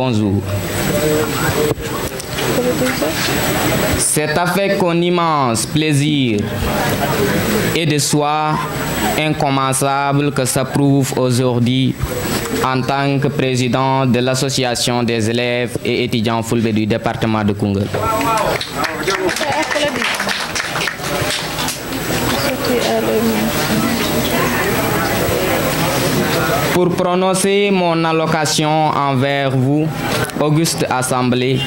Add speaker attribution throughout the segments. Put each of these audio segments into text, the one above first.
Speaker 1: bonjour. C'est avec un immense plaisir et de soi incommensable que s'approuve aujourd'hui en tant que président de l'association des élèves et étudiants Fulbe du département de Kungal. pour prononcer mon allocation envers vous, auguste assemblée,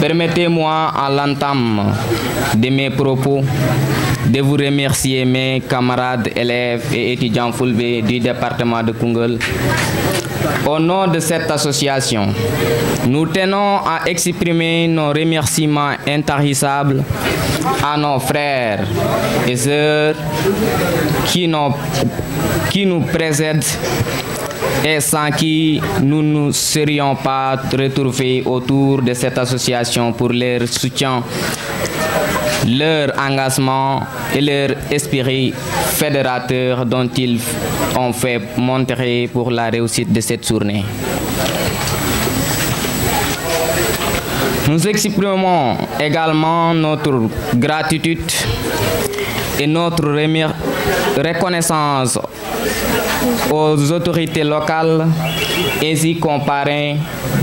Speaker 1: permettez-moi à l'entame de mes propos de vous remercier mes camarades élèves et étudiants Fulbe du département de Kungel. Au nom de cette association, nous tenons à exprimer nos remerciements intarissables à nos frères et sœurs qui nous, qui et sans qui nous ne serions pas retrouvés autour de cette association pour leur soutien, leur engagement et leur esprit fédérateur dont ils ont fait montrer pour la réussite de cette journée. Nous exprimons également notre gratitude et notre reconnaissance aux autorités locales et y parrains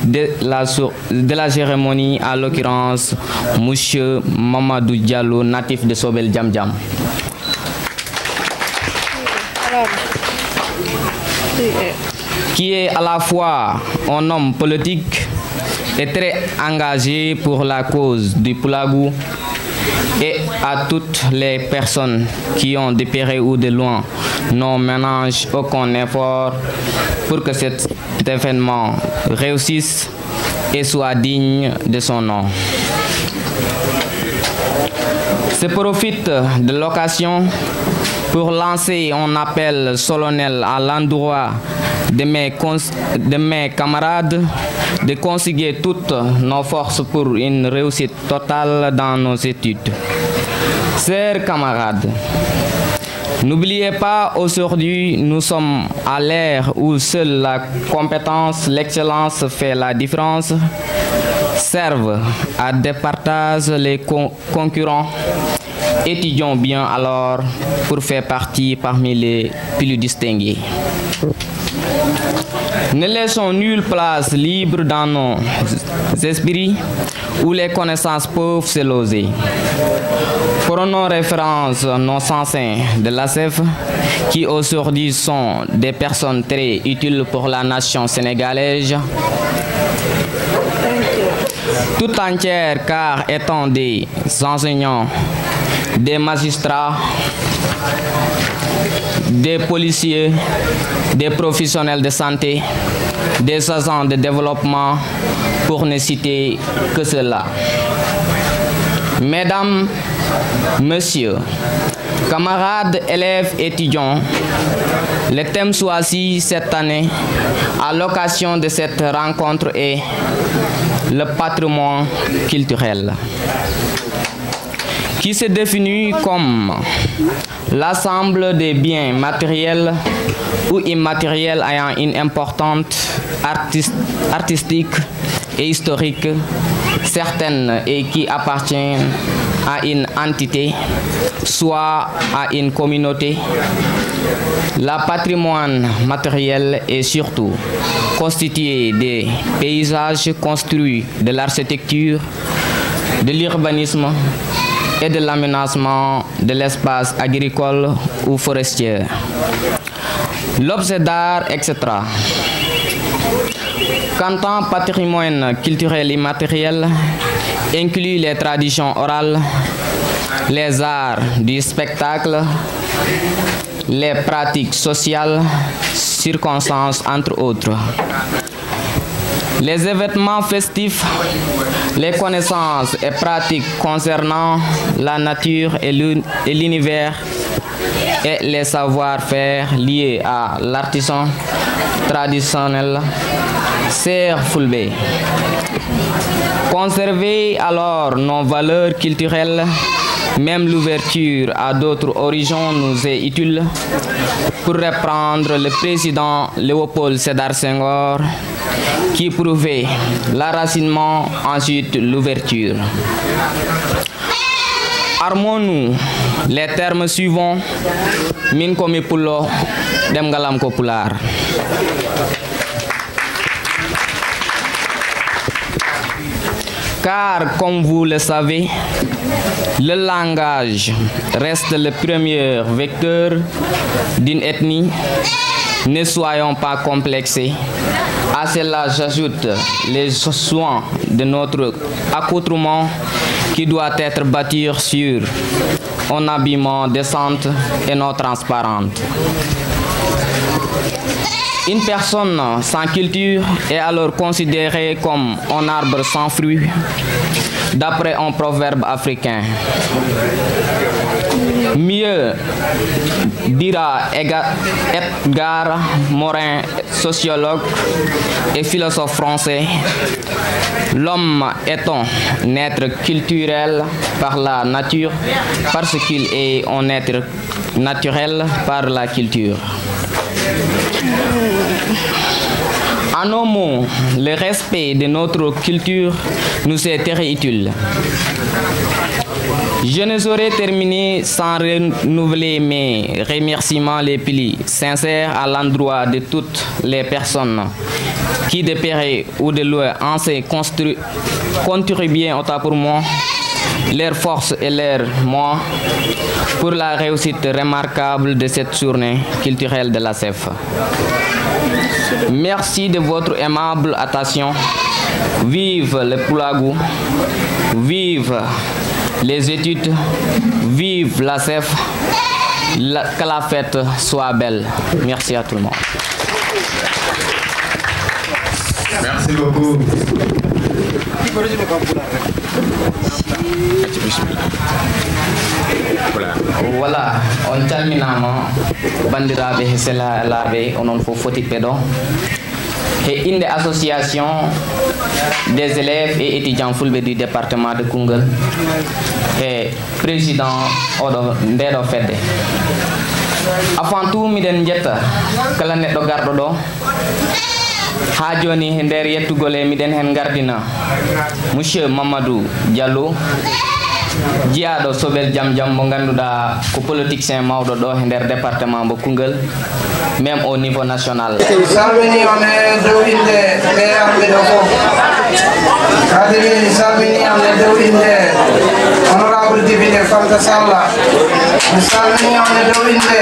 Speaker 1: de la, de cérémonie, à l'occurrence M. Mamadou Diallo, natif de Sobel Djam Djam. Qui est à la fois un homme politique est très engagé pour la cause du Poulagou et à toutes les personnes qui ont dépéré ou de loin n'ont ménage aucun effort pour que cet événement réussisse et soit digne de son nom. Se profite de l'occasion pour lancer un appel solennel à l'endroit de mes, camarades de consiguer toutes nos forces pour une réussite totale dans nos études. Chers camarades, N'oubliez pas, aujourd'hui, nous sommes à l'ère où seule la compétence, l'excellence fait la différence, servent à départager les concurrents. Étudions bien alors pour faire partie parmi les plus distingués. Ne laissons nulle place libre dans nos esprits où les connaissances peuvent se loser. Prenons référence nos anciens de l'ACEF qui aujourd'hui sont des personnes très utiles pour la nation sénégalaise tout entière car étant des enseignants, des magistrats, des policiers, des professionnels de santé, des agents de développement, pour ne citer que cela. Mesdames, Messieurs, camarades, élèves, étudiants, le thème choisi cette année à l'occasion de cette rencontre est le patrimoine culturel qui se définit comme l'ensemble des biens matériels ou immatériels ayant une importante artistique et historique certaine et qui appartient à une entité, soit à une communauté. Le patrimoine matériel est surtout constitué des paysages construits, de l'architecture, de l'urbanisme, et de l'aménagement de l'espace agricole ou forestier, l'objet d'art, etc. Quant au patrimoine culturel immatériel, inclut les traditions orales, les arts du spectacle, les pratiques sociales, circonstances, entre autres. Les événements festifs, les connaissances et pratiques concernant la nature et l'univers et les savoir-faire liés à l'artisan traditionnel Serfulbe. Conserver alors nos valeurs culturelles, même l'ouverture à d'autres origines nous est utile pour reprendre le président Léopold Sédar Senghor qui prouvait l'arracinement, ensuite l'ouverture. Armons-nous les termes suivants min komi pullo Car, comme vous le savez, le langage reste le premier vecteur d'une ethnie. Ne soyons pas complexés. À cela, j'ajoute les soins de notre accoutrement qui doit être bâti sur un habillement décente et non transparente. Une personne sans culture est alors considérée comme un arbre sans fruit, d'après un proverbe africain. Mieux dira Edgar Morin, sociologue et philosophe français, l'homme est un être culturel par la nature parce qu'il est un être naturel par la culture. En nos mots, le respect de notre culture nous est très utile. Je ne saurais terminer sans renouveler mes remerciements les plus sincères à l'endroit de toutes les personnes qui, de Péret ou de loin, ont contribué autant pour moi, leur force et leur moi, pour la réussite remarquable de cette journée culturelle de la CEF. Merci de votre aimable attention. Vive le Poulagou. Vive les études. Vive la CEF. que la fête soit belle. Merci à tout le monde. Merci beaucoup. On termine voilà voilà on la bandiraɓe he sehlaalaɓe onon fof faut et une inde association des élèves et étudiants fulɓe du département de Kungel et président oɗo ndeɗo Fede. avant tout miɗen jetta kala neɗɗo garɗo ɗo ha joni e nder yettugol den miɗen hen gardina monsieur mamadou diallo jiado sobel jam jam mo ganduda ko politicien mawɗo do e nder département mo kungel même au niveau national salmini on e inde ɗe arɓe ɗo fof kadi inde
Speaker 2: honorable divine fanta salla mi salmini on inde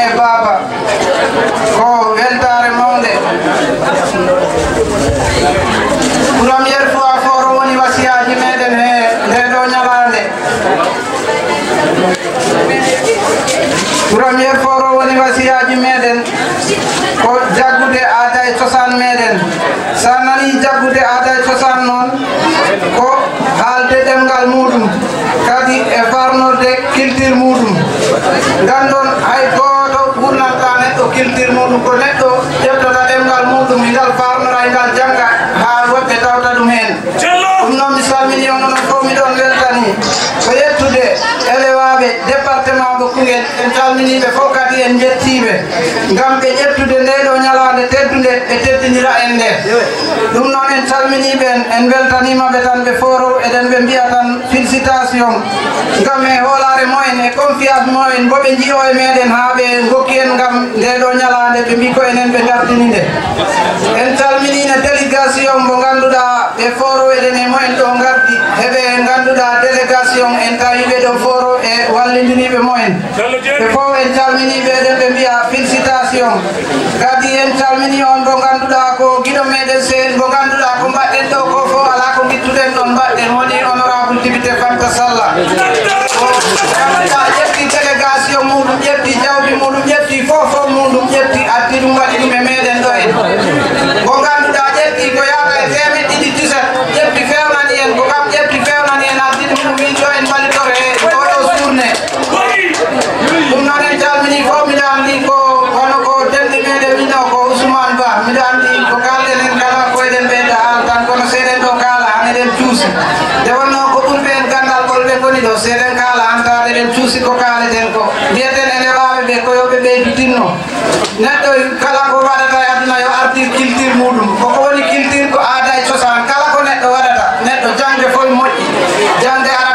Speaker 2: premiére fois foro woni wasiyaji meɗen he ndeɗo ñalande premiére foro woni wasiyaji meɗen ko jaggude aada e cosan meɗen sa nani jaggude aada e cosan noon ko haalde ɗemngal muɗum kadi e farnorde kiltir muɗum ngannɗon hay gooɗo wurnanta neɗɗo kiltir muɗum ko neɗɗo ƴettota ɗemngal muɗum ngal farnora e ngal jangga ɗum heen ɗum noon mi salmini yo noon fof mi ɗon weltani ko yettude élewaaɓe département mo kungel en calminiiɓe fof kadi en njettiiɓe ngam ɓe ƴettude ndeeɗoo ñalaande teddunde ɓe teddinira en ndee ɗum noon en calminiiɓe en en weltaniimaɓe tan ɓe foro eɗen ɓe mbiya tan félicitation ngam e hoolaare mumen e confiance mumen bo ɓe njiyo e meeɗen haa ɓe ngokki en ngam ndeeɗoo ñalaande ɓe mbi ko enen ɓe ngardini nde en calminii ne délégation mo ngannduɗaa e foro eɗen e mumen ɗo gardi heɓe ganduɗa délégation en gayiɓe ɗo foro e wallidiniɓe mumen ɓe foo en calminiɓe ɗen ɓe mbiya félicitation kadi en calmini on ɗo ganduɗa ko guiɗo me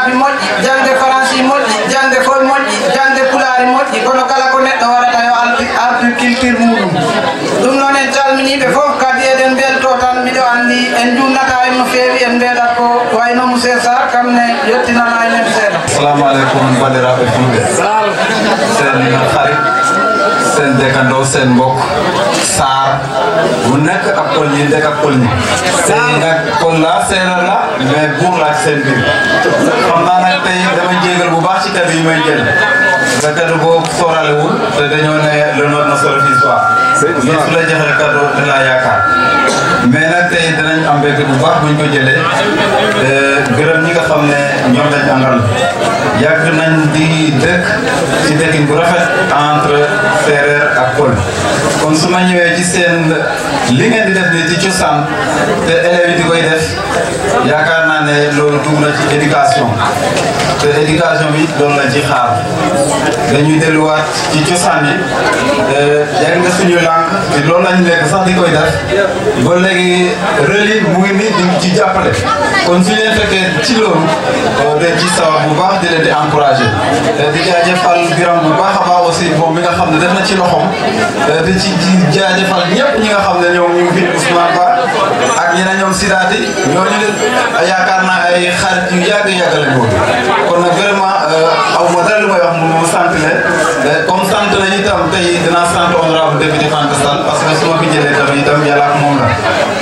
Speaker 2: arabe moƴƴi jande français moƴƴi jande foy moƴƴi jande pulari moƴƴi kono kala ko neɗɗo waɗata yo agriculture muɗum ɗum noon en calminiɓe foof kadi eɗen mbelto tan miɗo anndi en jumnata en no feewi en mbeeɗat ko way no monsieur sar kam ne yettinana enen seeɗa
Speaker 3: assalamu aleykum baniraɓe fulɓe sen xari seen dëkkandoo seen mbokk saar bu nekk ak pël yi dëkk ak pël yi seen nag pël la séeréer la mais buur la ak seen biir xam naa nag tey dama jéegal bu baax ci kàddu yi may jël nga kàddu boobu sóoraalewul te dañoo ne le nord na solo l'histoire ñun su la joxee kàddu dinaa yaakaar mais nag tey danañ am mbégte bu baax buñ ko jëlee euh, gërëm ñi nga xam ne ñoom lañ àndal yàgg nañ di dëkk ci dëkkin bu rafet entre séeréer ak pël kon su ma ñëwee ci seen li ngeen di ci cosaan te élèves di koy def yaakaar naa lool loolu dugg na ci éducation te éducation bi loolu la ci xaar dañuy delluwaat ci cosaan yi eh, jàng nga suñu langue te loolu lañ lekk sax di koy def ba léegi relais mu ngi nii di ci jàppale kon su ñu fekkee ci loolu eh, dañ ci sawar bu baax di leen di encouragé eh, di jaajëfal biram bu baax a baax aussi moom mi nga xam ne def na ci loxoom di ci jaajëfal ñëpp ñi nga xam ne ñoom ñu ngi fi Ousmane Ba ak ñeneen ñoom Sidaat yi ñooñu yaakaar naa ay xarit yu yàgg yàgg lañ woon kon nag vraiment euh, aw ma dara lu may wax mu sant leen comme sant lañ itam tey dinaa sant honorable député Fanta Sall parce que su ma fi jëlee tamit itam yàlla ak moom la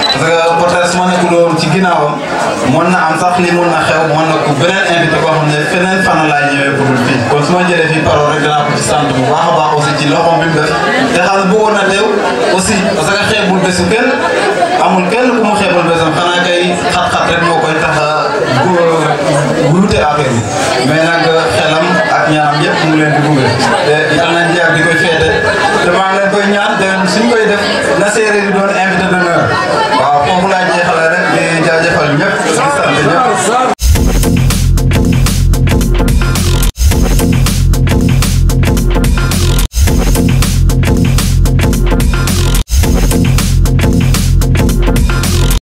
Speaker 3: parce que peut-être su ma nekkul woon ci ginnaawam. mën na am sax li mën na xew mën na ko beneen invité koo xam ne feneen fan laay ñëwee pour fii kon su ma jëlee fii parole rek danaa ko ci sant bu baax a baax aussi ci loxoom bi mu def te xam ne bëggoon na teew aussi parce que xeebul bésu kenn amul kenn ku mu xeebul bésam xanaa kay xat-xat rek moo koy tax a guute affaire bi mais nag xelam ak ñaanam yëpp mu leen di gunge te yal nañ jaar di koy feete te maa ngi leen koy ñaan te suñ koy def na séeréer yi doon invité d'honneur waaw.